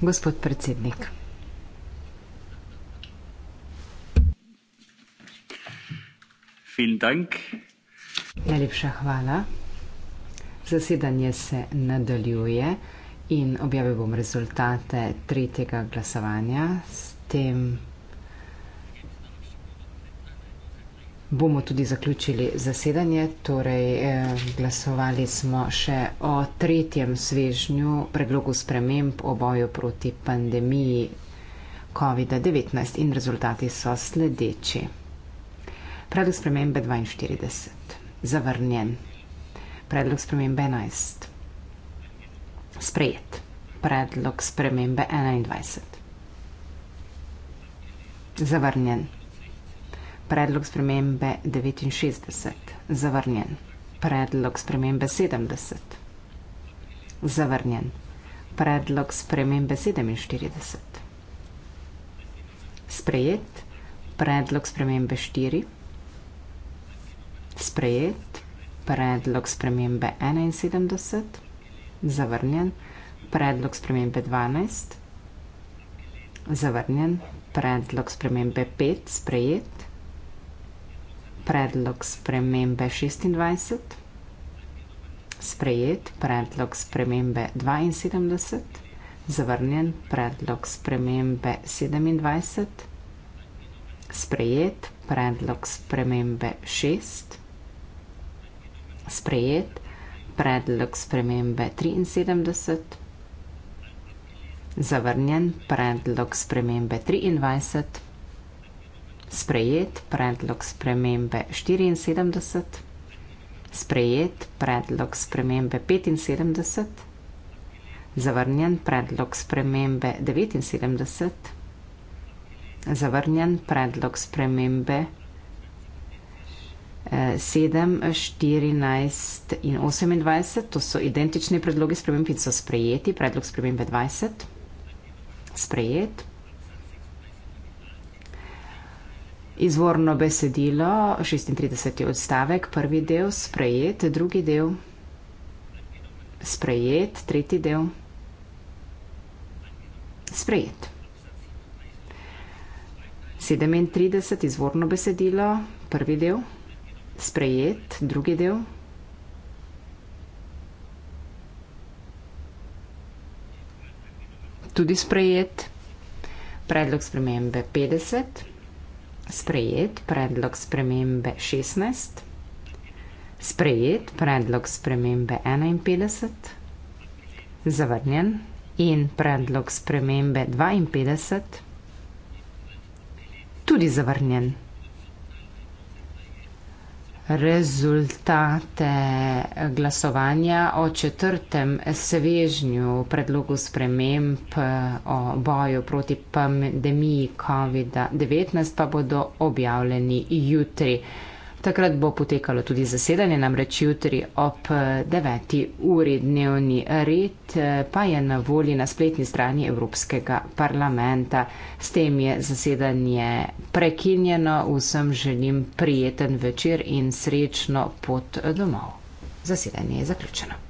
Gospod predsednik. Najlepša hvala. Zasedanje se nadaljuje in objavil bom rezultate tretjega glasovanja. S tem bomo tudi zaključili zasedanje, torej eh, glasovali smo še o tretjem svežnju predlogu sprememb o boju proti pandemiji COVID-19 in rezultati so sledeči. Predlog spremembe 42. Zavrnjen. Predlog spremembe 11. Sprejet. Predlog spremembe 21. Zavrnjen predlog spremembe 69, zavrnjen. Predlog spremembe 70, zavrnjen. Predlog spremembe 47, sprejet. Predlog spremembe 4, sprejet. Predlog spremembe 71, zavrnjen. Predlog spremembe 12, zavrnjen. Predlog spremembe 5, sprejet predlog spremembe 26, sprejet predlog spremembe 72, zavrnjen predlog spremembe 27, sprejet predlog spremembe 6, sprejet predlog spremembe 73, zavrnjen predlog spremembe 23 sprejet predlog spremembe 74, sprejet predlog spremembe 75, zavrnjen predlog spremembe 79, zavrnjen predlog spremembe 7, eh, 14 in 28, to so identični predlogi sprememb in so sprejeti, predlog spremembe 20, sprejet predlog spremembe 20, Izvorno besedilo, 36. odstavek, prvi del, sprejet, drugi del, sprejet, tretji del, sprejet. 37. izvorno besedilo, prvi del, sprejet, drugi del, tudi sprejet, predlog spremembe 50 sprejet predlog spremembe 16, sprejet predlog spremembe 51, zavrnjen in predlog spremembe 52, tudi zavrnjen rezultate glasovanja o četrtem svežnju predlogu sprememb eh, o boju proti pandemiji COVID-19 pa bodo objavljeni jutri. Takrat bo potekalo tudi zasedanje, namreč jutri ob 9. uri dnevni red eh, pa je na volji na spletni strani Evropskega parlamenta. S tem je zasedanje prekinjeno. Vsem želim prijeten večer in srečno pot domov. Zasedanje je zaključeno.